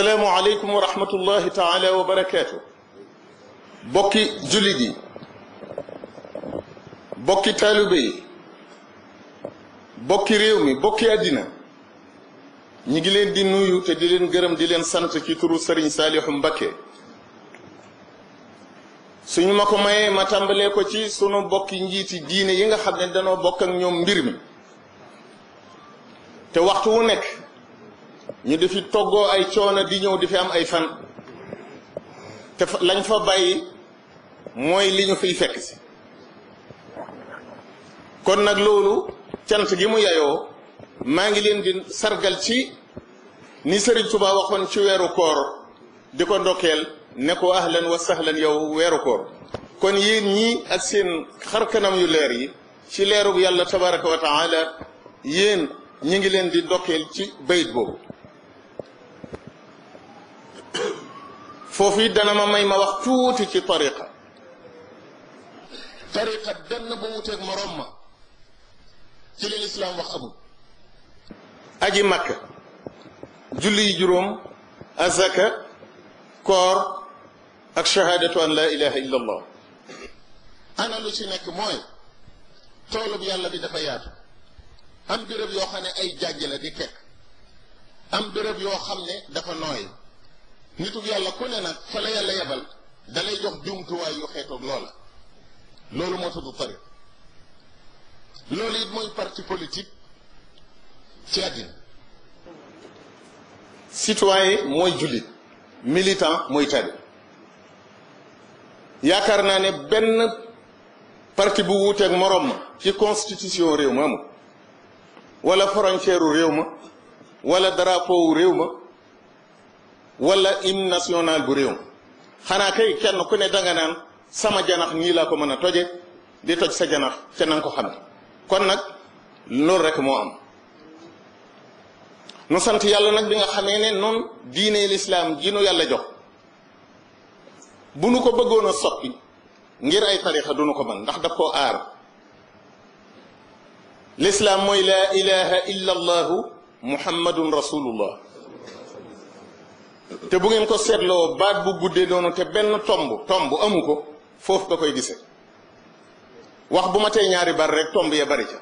asalaamualeykum wa rahmatullahi taala wa barakaatu bokki jullit yi bokki taalibe yi bokki réew mi bokki àddina ñi ngi leen di nuyu te di leen gërëm di leen sant ci turu sëriñ Saalihu Mbakke suñu ma ko mayee ma tàmbalee ko ci sunu bokki njiiti diine yi nga xam ne danoo bokk ak ñoom mbir mi te waxtu wu nekk ñu di fi toggoo ay coono di ñëw di fi am ay fan te lañ fa bàyyi mooy li ñu fiy fekk si kon nag loolu cant gi mu yayoo maa ngi leen di sargal ci ni Sëriñ Tuubaa waxoon ci weeru koor di ko ndokkeel ne ko ahlan wa sahlan yow weeru koor kon yéen ñii ak seen xarkanam yu leer yi ci leerug yàlla tabaraka wa taala yéen ñi ngi leen di ndokkeel ci bayit boobu فوفي دنا ما ماي ما واخ توتي سي طريقه طريقه دن بو ووتك مروم ما سي الاسلام واخ اجي مكه جولي جروم الزكاة كور اك ان لا اله الا الله انا لو موي تولب بي دا فا يات ام بيرب خاني اي جاجي لا ام بيرب خامني دا nituk yàlla ku ne nag fa la yàlla yebal dalay jox jumtuwaay yu xeetoog loola loolu moo tudd tariq loolu it mooy parti politique ci àddina citoyen mooy jullit militant mooy tari yaakaar naa ne benn parti bu wuuteeg moroom ma ci constitution réew ma amul wala frontière réew ma wala drapeau réew ma walla im national gu réew xanaa kay kenn ku ne danga naan sama janax nii laa ko mën a toje di toj sa janax ca nanga ko xame kon nag loolu rek moo am nu sant yàlla nag bi nga xamee ne noonu diine lislaam ji nu yàlla jox bu nu ko bëggoon a soppi ngir ay tarixa du nu ko mën ndax daf koo aar lislaam mooy laa ilaha illa allahu muhammadun rasulullah te bu ngeen ko seetloo baat bu guddee noonu te benn tomb tomb amu ko foofu nga koy gise wax bu ma tey ñaari bar rek tomb ya bari ca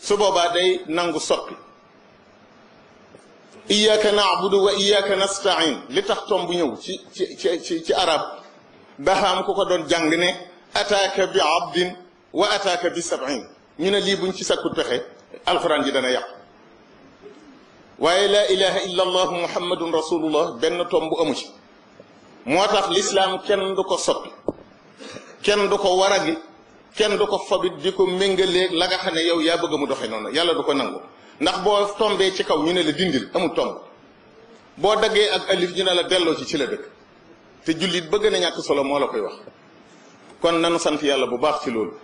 su boobaa day nangu soppi iyyaka na'budu wa iyyaka nasta'in li tax tomb ñëw ci ci ci ci arab daxaam ku ko doon jàng ne ataaka bi abdin wa ataaka bi sab'in ñu ne lii buñ ci sakkut pexe alxuraan ji dana yàqu waaye laa ilaha illa allah muhammadun rasulullah benn tomb amu ci moo tax lislaam kenn du ko soppi kenn du ko waragi kenn du ko fabit di ko méngaleeg la nga ne yow yaa bëgg mu doxee noonu yàlla du ko nangu ndax boo tombee ci kaw ñu ne la dindil amul tomb boo daggee ak alif ñu ne la delloo ci ci la dëkk te jullit bëgg na ñàkk solo moo la koy wax kon nanu sant yàlla bu baax ci loolu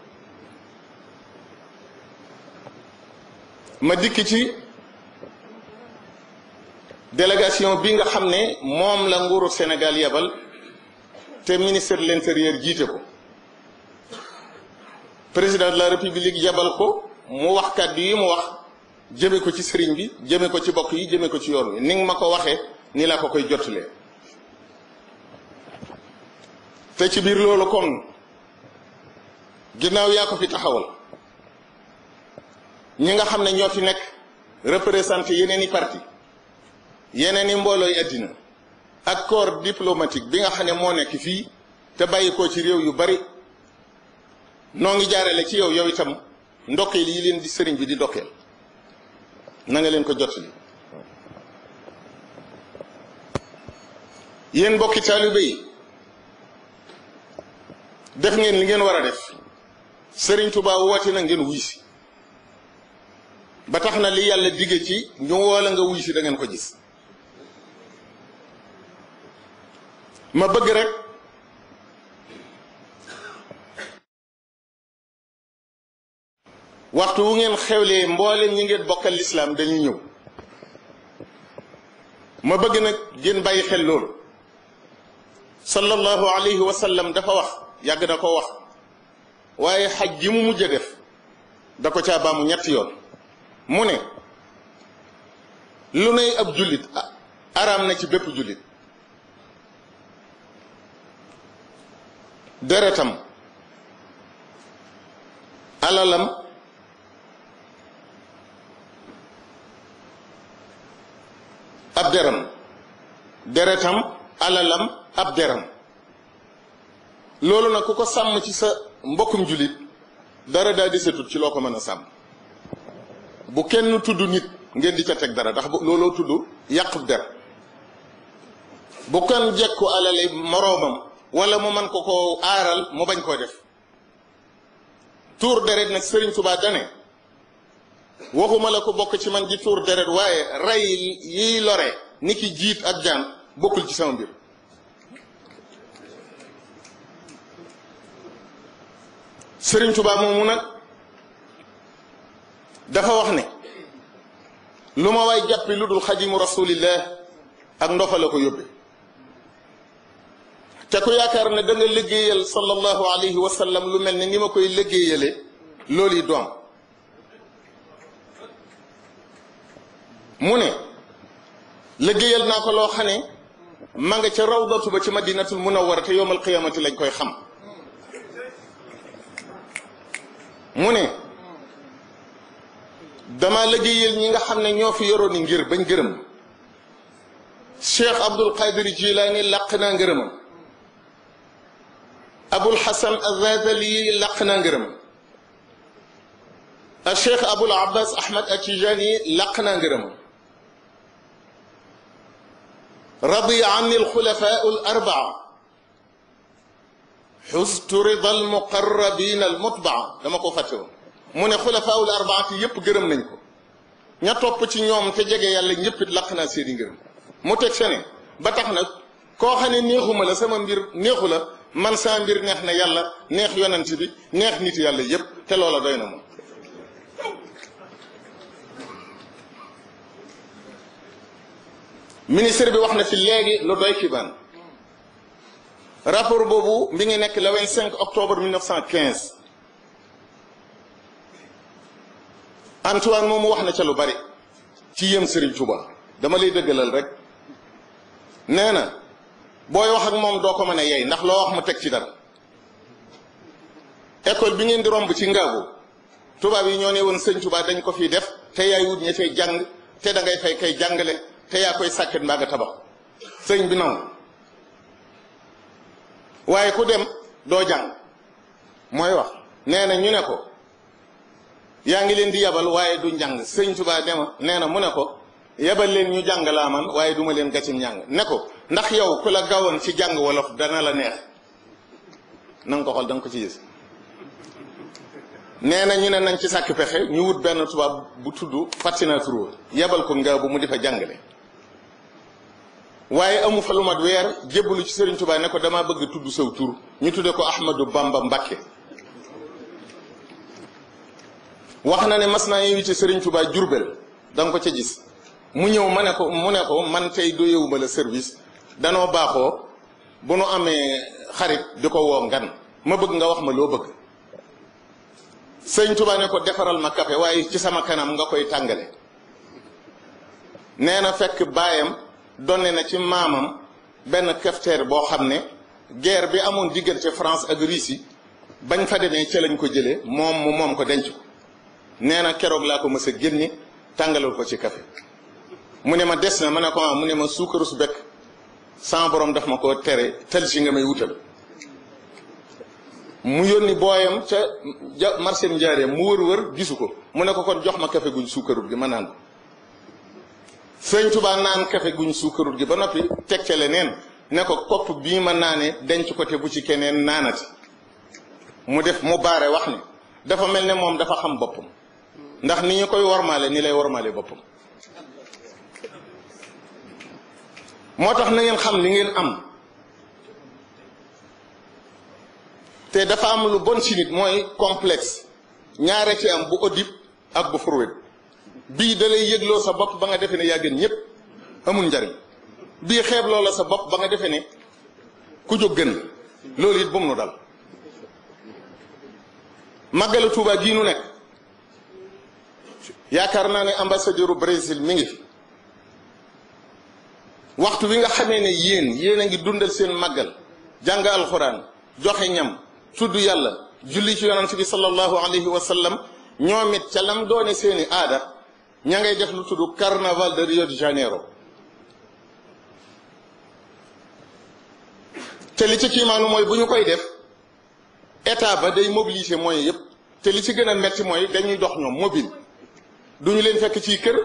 ma dikk ci délégation bi nga xam ne moom la nguuru Sénégal yebal te ministre de l'intérieur jiite ko président de la république yebal ko mu wax bi yi mu wax jëme ko ci sëriñ bi jëme ko ci bokk yi jëme ko ci yoon wi ni nga ma ko waxee ni laa ko koy jotalee te ci biir loolu kon ginnaaw yaa ko fi taxawal ñi nga xam ne ñoo fi nekk représenté yeneen i parti yeneen i mboolooy àddina ak corps diplomatique bi nga xam ne moo nekk fii te bàyyi ko ci réew yu bari noo ngi jaarale ci yow yow itam ndokkeel yi leen di sëriñ bi di ndokkeel na nga leen ko jot li yéen mbokki taalibe yi def ngeen li ngeen war a def sëriñ Tuubaa woote na ngeen wuy si ba tax na li yàlla digge ci ñu woo la nga wuy si da ko gis ma bëgg rek waxtu wu ngeen xewlee mboolem ñi ngeen bokkal lislaam dañuy ñëw ma bëgg nag ngeen bàyyi xel loolu sallallahu alayhi wa sallam dafa wax yàgg na ko wax waaye xaj ji mu mujj a def da ko caa baamu ñetti yoon mu ne lu nay ab jullit araam na ci bépp jullit deretam alalam ab deram deretam alalam ab deram loolu nag ku ko sàmm ci sa mbokkum jullit dara daa desetut ci loo ko mën a sàmm bu kenn tudd nit ngeen di ca teg dara ndax looloo tudd yàqu der bu kenn jekku alali moroomam wala mu man ko ko aaral mu bañ koo def tuur deret nag sëriñ Tuubaa dane waxuma la ko bokk ci man di tuur deret waaye rey yiy lore ni ki jiit ak jaan bokkul ci sama mbir sëriñ Tuubaa moomu nag dafa wax ne lu ma waay jàppi lu dul xajimu rasulillah ak ndofa la ko yóbbe te ku yaakaar ne da nga liggéeyal sallallahu alayhi wa sallam lu mel ne ni ma koy liggéeyale loolu yi doom mu ne liggéeyal naa ko loo xam ne ma nga ca rawdatu ba ci madinatul munawwara te yowmal qiyaamati lañ koy xam mu ne dama liggéeyal ñi nga xam ne ñoo fi yorooni ngir bañ gërëm Cheikh Abdul Qadir Jilaani làq naa ngërëmam abul xasan azazali làq na ngërëm al cheikh abul abbas ahmad atijani làq na ngërëm رضي عني الخلفاء الأربعة حزت رضا المقربين المتبعة لما كو فاتو من خلفاء الأربعة يب غرم ننكو ña topp ci ñoom te jege yàlla ñëpp laq naa seeni ngërëm mu teg sene ba tax nag koo xam ne neexuma la sama mbir neexu la man sa mbir neex na yàlla neex yonent bi neex nit yàlla yeb te lola doyna mo moom ministre bi wax na fi legi lu doy ban rapport bobu mi ngi nek le 25 octobre 1915 Antoine momu wax na ca lu bari ci yëm Serigne Touba dama lay deugalal rek nee booy wax ak moom doo ko mën a yey ndax loo wax mu teg ci dara école bi ngeen di romb ci ngaabu tubaab yi ñoo ne woon sëñ Tuubaa dañ ko fii def te yaay wut ña jàng te da ngay fay kay yaa koy sàkket mbaa tabax sëñ bi nangu waaye ku dem doo jàng mooy wax nee na ñu ne ko yaa ngi leen di yabal waaye du njàng sëñ Tuubaa dema nee na mu ne ko yabal leen ñu jàng laa man waaye duma leen gàccim njàng ne ko ndax yow ku la gawoon ci jàng wolof dana la neex na nga ko xool da ko ci gis nee na ñu ne nañ ci sàkk pexe ñu wut benn tubaab bu tudd Fatina Touré yebal ko nga bu mu di fa jàngale waaye amu fa lu mat weer jébbalu ci Serigne Touba ne ko damaa bëgg tudd saw tur ñu tuddee ko Ahmadou Bamba Mbakke wax na ne mas naa invité Serigne Touba Jurbel da nga ko ca gis mu ñëw ma ne ko mu ne ko man tey doyewuma la service danoo baaxoo bu nu amee xarit di ko woo ngan ma bëgg nga wax ma loo bëgg sëñ Tuba ko defaral ma kafe waaye ci sama kanam nga koy tàngale nee na fekk baayam donne na ci maamam benn cafetière boo xam ne guerre bi amoon diggante France ak Russie bañ fa demee ca lañ ko jëlee moom mu moom ko denc ko nee na keroog laa ko mës génni génne tàngalal ko ci café mu ne ma des na ma ne ko mu ne ma suukaru su bekk sama borom daf ma ko tere tel si nga may wutal mu yónni booyam ca ja marché njaareem mu wër-wër gisu ko mu ne ko kon jox ma kafe guñ suukarut gi ma naan ko sëñ Tuubaa naan kafe guñ suukarut gi ba noppi teg ca leneen ne ko kopp bii ma naanee denc ko te bu ci keneen naanati mu def mu baare wax ni dafa mel ne moom dafa xam boppam ndax ni ñu koy wormaale ni lay wormaale boppam moo tax na ngeen xam li ngeen am te dafa am lu bon si nit mooy complex ñaare ci am bu audib ak bu furwét bii da lay yëgloo sa bopp ba nga defee ne yaa gën ñëpp amul njariñ bii xeeb la sa bopp ba nga defee ne ku jóg gën loolu it bu mu nu dal màggalu Tuubaa gii nu nekk yaakaar naa ne ambassadeur u Brésil mi ngi fi waxtu wi nga xamee ne yéen yéen a ngi dundal seen màggal jàng alxuraan joxe ñam tudd yàlla julli ci yonent bi sallallahu alayhi wa sallam ñoom it ca lam doone seeni aada ña ngay def lu tudd carnaval de Rio de Janeiro te li ci kiimaanu mooy bu ñu koy def état ba day mobiliser moyens yépp te li ci gën a metti mooy dañuy dox ñoom mobile du ñu leen fekk ci kër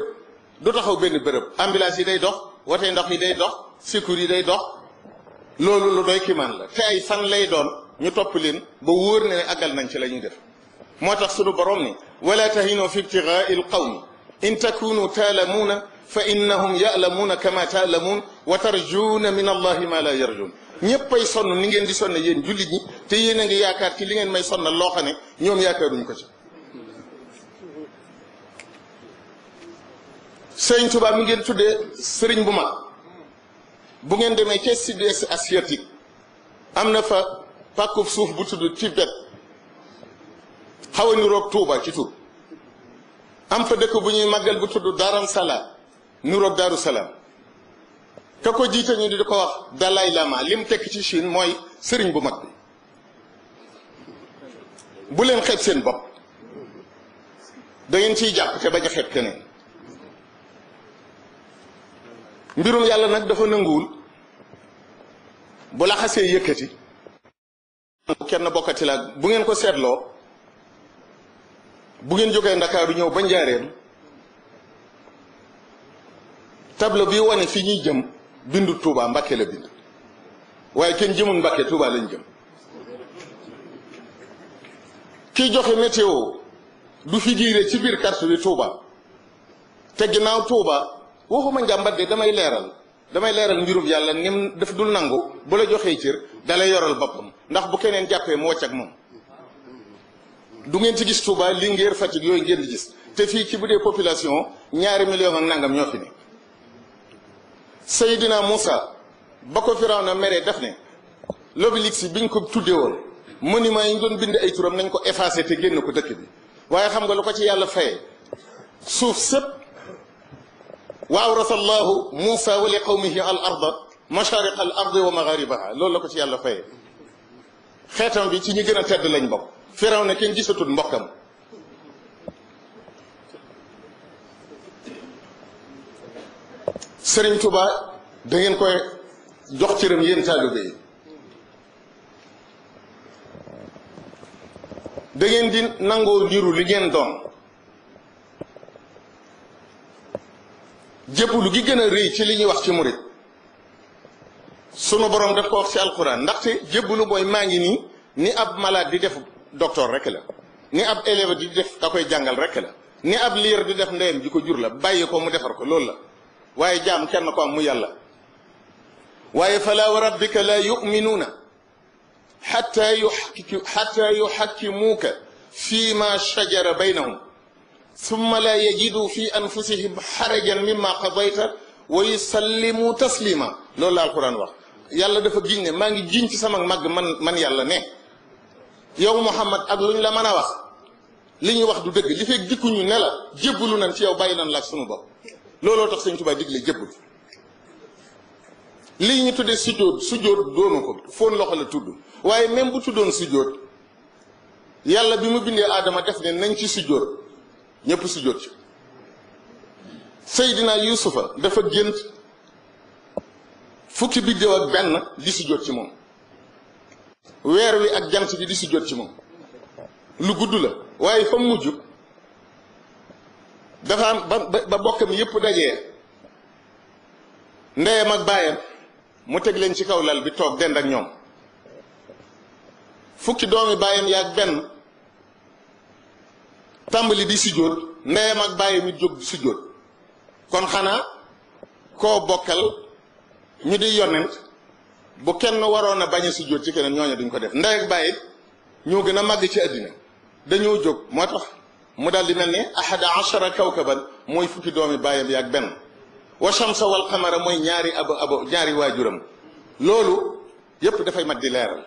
du taxaw benn bërëb ambulance yi day dox wote ndox yi day dox sécurité day dox loolu lu doy ki man la te ay fan lay doon ñu top leen ba wóor ne agal nañ ci lañu def motax sunu borom ni wala tahinu fi ibtigai qawm in takunu ta'lamuna fa innahum ya'lamuna kama ta'lamun wa tarjuna min allahi ma la yarjun ñeppay sonu ni ngeen di sonne yéen jullit ñi te yéen nga yaakar ci li ngeen may sonna lo xane ne ñoom yaakaaruñu ko ci sëriñ Touba mi ngeen tuddee sëriñ bu mag bu ngeen demee ca ci est asiatique am na fa pàkkub suuf bu tudd Tibet xaw a niroog Touba ci tur am fa dëkk bu ñuy màggal bu tudd Daram Salaam niroog Daaru Salaam ka ko jiite ñu di ko wax Dalai Lama lim tekk ci Chine mooy sëriñ bu mag bi bu leen xeeb seen bopp da ngeen ciy jàpp te bañ a xeeb keneen. mbirum yàlla nag dafa nanguwul bu la xasee yëkkati kenn bokkati laa bu ngeen ko seetloo bu ngeen jógee ndakaaru ñëw ba njaareem tableau bi wane fi ñuy jëm bindu Touba Mbàkke la bind waaye kenn jëmul Mbàkke Touba lañ jëm kiy joxe météo du figuré ci biir carte bi Touba te ginnaaw Touba waxuma njàmbat de damay leeral damay leeral mbirub yàlla nim daf dul nangu bu la joxee cër dalay yoral boppam ndax bu keneen jàppee mu wàcc ak moom du ngeen ci gis tuuba Linguère Fatick yooyu ngeen di gis te fii ci bu dee population ñaari million ak nangam ñoo fi ne Seydina Moussa ba ko firaw na meree def ne l'obélisque bi biñ ko tuddee woon monument yi ñu doon bind ay turam nañ ko effacé te génn ko dëkk bi waaye xam nga lu ko ci yàlla fayee suuf وأورث الله موسى ولقومه الأرض مشارق الأرض ومغاربها لولا كنت يلا فيه خاتم بيتي نيجينا تاد لين فرعون كين جيسوتو مبوكم سرين توبا دين كوي دكتور مين تالو بي دين دين نانغو ليرو لجين jëbulu gi gën a rëy ci li ñuy wax ci murit sunu borom daf ko wax ci alquran ndaxte jëbulu mooy maa ngi nii ni ab malade di def docteur rek la ni ab élève di def ka koy jàngal rek la ni ab liir di def ndeyam ji ko jur la bàyyi ko mu defar ko loolu la waaye jaam kenn ko am mu yàlla waaye fala wa rabbika la yuminuuna xatta yuxakkimuuka fi ma shajara baynahum summa laa yajidu fi anfusihim xarajan mimma qadayta wa yusallimu taslima loolu la alquran wax yàlla dafa giñ ne maa ngi giñ ci sama màgg man man yàlla ne yow Muhammad ak luñ la mën a wax li ñuy wax du dëgg li fekk dikkuñu ne la jébbalu nañ ci yow bàyyi nan la ak sunu bopp looloo tax Sëñ Tuubaa digle jébbal lii ñu tuddee sujjóot sujjóot doonu ko foon loxo la tudd waaye même bu tuddoon sujjóot yàlla bi mu bindee aadama def ne nañ ci sujjóot ñépp su jot ci Seydina Yuusufa dafa gént fukki biddéew ak benn di si jot ci moom weer wi ak jant bi di si jot ci moom lu gudd la waaye fa mujj dafa am ba ba bokkam yépp dajee ndeyam ak baayam mu teg leen ci kaw lal bi toog dend ak ñoom fukki doomi baayam yaag benn tàmbali di sujjóot ndeyam ak bàyyam it jóg sujjóot kon xanaa koo bokkal ñu di yonent bu kenn waroon a bañ a sujjóot ci keneen ñooñu duñ ko def ndey ak bàyyi ñoo gën a mag ci àddina dañoo jóg moo tax mu daal di mel ni ahada achara kawkaban mooy fukki doomi bàyyam ak benn wa shamsa mooy ñaari aba aba ñaari waajuram loolu yépp dafay mat di leeral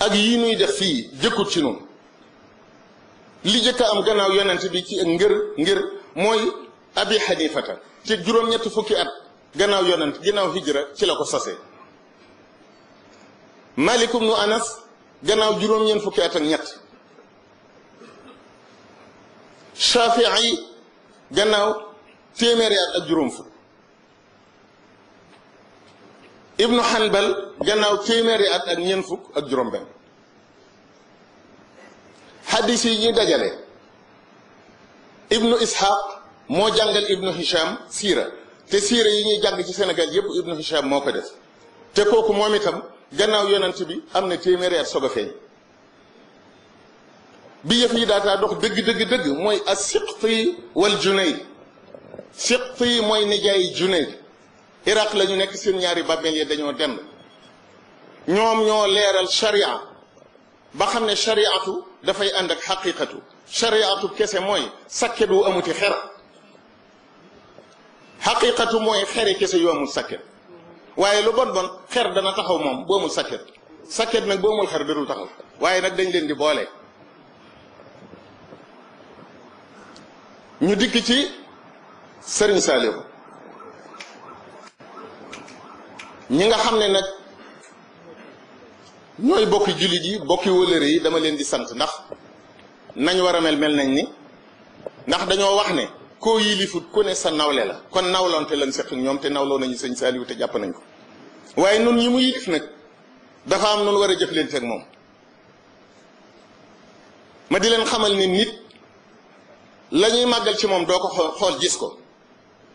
ak yi nuy def fii jëkkut ci noonu li jëkk am gannaaw yonent bi ci ngir ngir mooy abi xanifata ci juróom-ñetti fukki at gannaaw yonent gannaaw hijra ci la ko sase malik ibnu anas gannaaw juróom-ñeent fukki at ak ñett shafii gannaaw téeméeri at ak juróom fukk ibnu xanbal gannaaw téeméeri at ak ñeent fukk ak juróom-benn xaddis yi ñuy dajale ibnu isxaq moo jàngal ibnu hisham siira te siira yi ñuy jàng ci sénégal yépp ibnu hisham moo ko def te kooku moom itam gannaaw yonent bi am na téeméeri at soog a feeñ bi yëf yi daataa dox dëgg dëgg dëgg mooy as siqti wal junayd siqti mooy nijaay junayd iraq la ñu nekk seen ñaari bàmmeel yi dañoo dend ñoom ñoo leeral sharia ba xam ne shariatu dafay ànd ak xaqiqatu shariatu kese mooy sakket wu amuti xer xaqiqatu mooy xeri kese yu amul sakket waaye lu bon bon xer dana taxaw moom bu amul sakket sakket nag bu amul xer darul taxaw waaye nag dañ leen di boole ñu dikk ci sëriñ Saalihu ñi nga xam ne nag ñooy bokki jullit yi bokki wëlëre yi dama leen di sant ndax nañ war a mel mel nañ ni ndax dañoo wax ne koo yilifut ku ne sa nawle la kon nawlonte lañ seq ñoom te nawloo nañu sëñ Saaliw te jàpp nañ ko waaye nun ñi mu yilif nag dafa am nun war a jëf leen fekk moom ma di leen xamal ne nit la ñuy màggal ci moom doo ko xool gis ko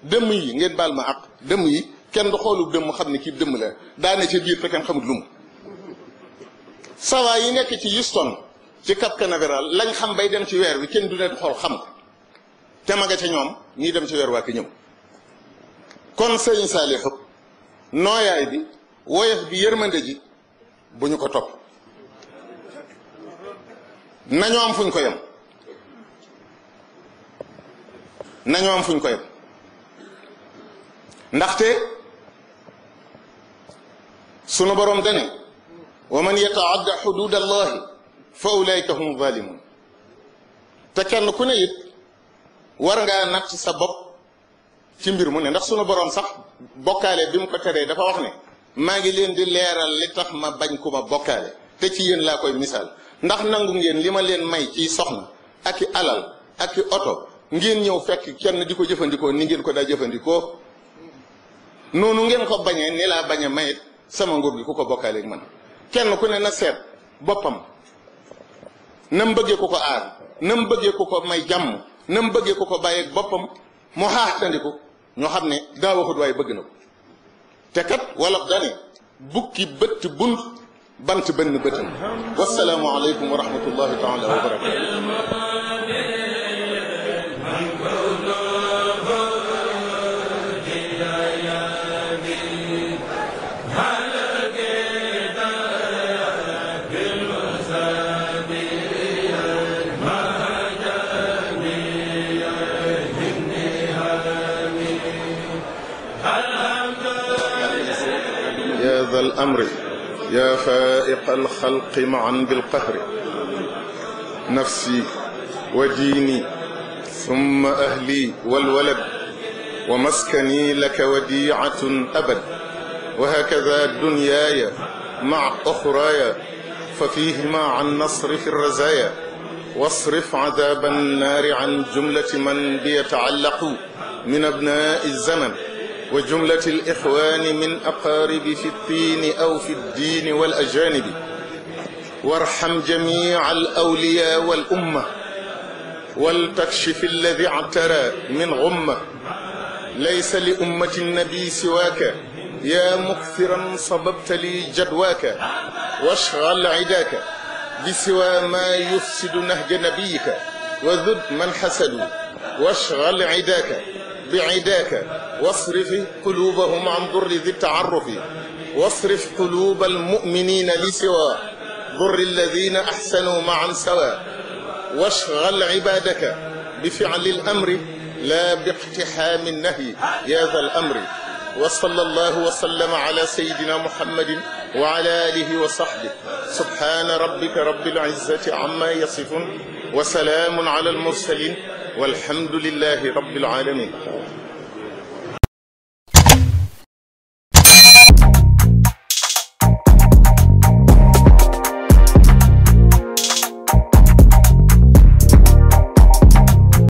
dëmm yi ngeen baal ma ak dëmm yi kenn du xoolu dëmm xam ne kii dëmm la daane ci biir te kenn xamul lu yi nekk ci Houston ci Cap Canaveral lañ xam bay dem ci weer bi kenn du ne xool xam ko te ma nga ñoom ñii dem ci weer waa ki ñëw kon sëriñ Saliou xëpp nooyaay bi woyof bi yërmande ji bu ñu ko topp nañoo am fuñ ko yem fuñ ko yem ndaxte sunu borom dene wa man yataadda hudud allah fa ulaika hum zalimun ta kenn ku ne yit war nga nat sa bop ci mbir mu ne ndax sunu borom sax bokale bimu ko tere dafa wax ne ngi di leral li tax ma bagn ku ma te ci yeen la koy misal. ndax nangu ngeen lima len may ci soxna ak alal ak auto ngeen ñew fekk kenn diko jëfëndiko ni ngeen ko da jëfëndiko nonu ngeen ko ni la bañe mayit sama nguur gi ku ko bokkaaleeg man kenn ku ne na seet boppam na mu bëggee ku ko aar na bëggee ku ko may jàmm na bëggee ku ko bàyyeeg boppam mu xaaxtandiku ñoo xam ne daa waxut waaye bëgg na ko te kat wolof dane bukki bëtt bunt bant bënn bëtam wasalaamu aleykum wa rahmatullahi taala wa barakatu ذا الأمر يا فائق الخلق معا بالقهر نفسي وديني ثم أهلي والولد ومسكني لك وديعة أبد وهكذا دنياي مع أخرايا ففيهما عن نصر في الرزايا واصرف عذاب النار عن جملة من بيتعلق من أبناء الزمن وجملة الإخوان من أقارب في الدين أو في الدين والأجانب وارحم جميع الأولياء والأمة ولتكشف الذي اعترى من غمة ليس لأمة النبي سواك يا مكثرا صببت لي جدواك واشغل عداك بسوى ما يفسد نهج نبيك وذد من حسدوا واشغل عداك بعداك واصرف قلوبهم عن ضر ذي التعرف واصرف قلوب المؤمنين لسوى ضر الذين أحسنوا معا سوى واشغل عبادك بفعل الأمر لا باقتحام النهي يا ذا الأمر وصلى الله وسلم على سيدنا محمد وعلى آله وصحبه سبحان ربك رب العزة عما يصفون وسلام على المرسلين والحمد لله رب العالمين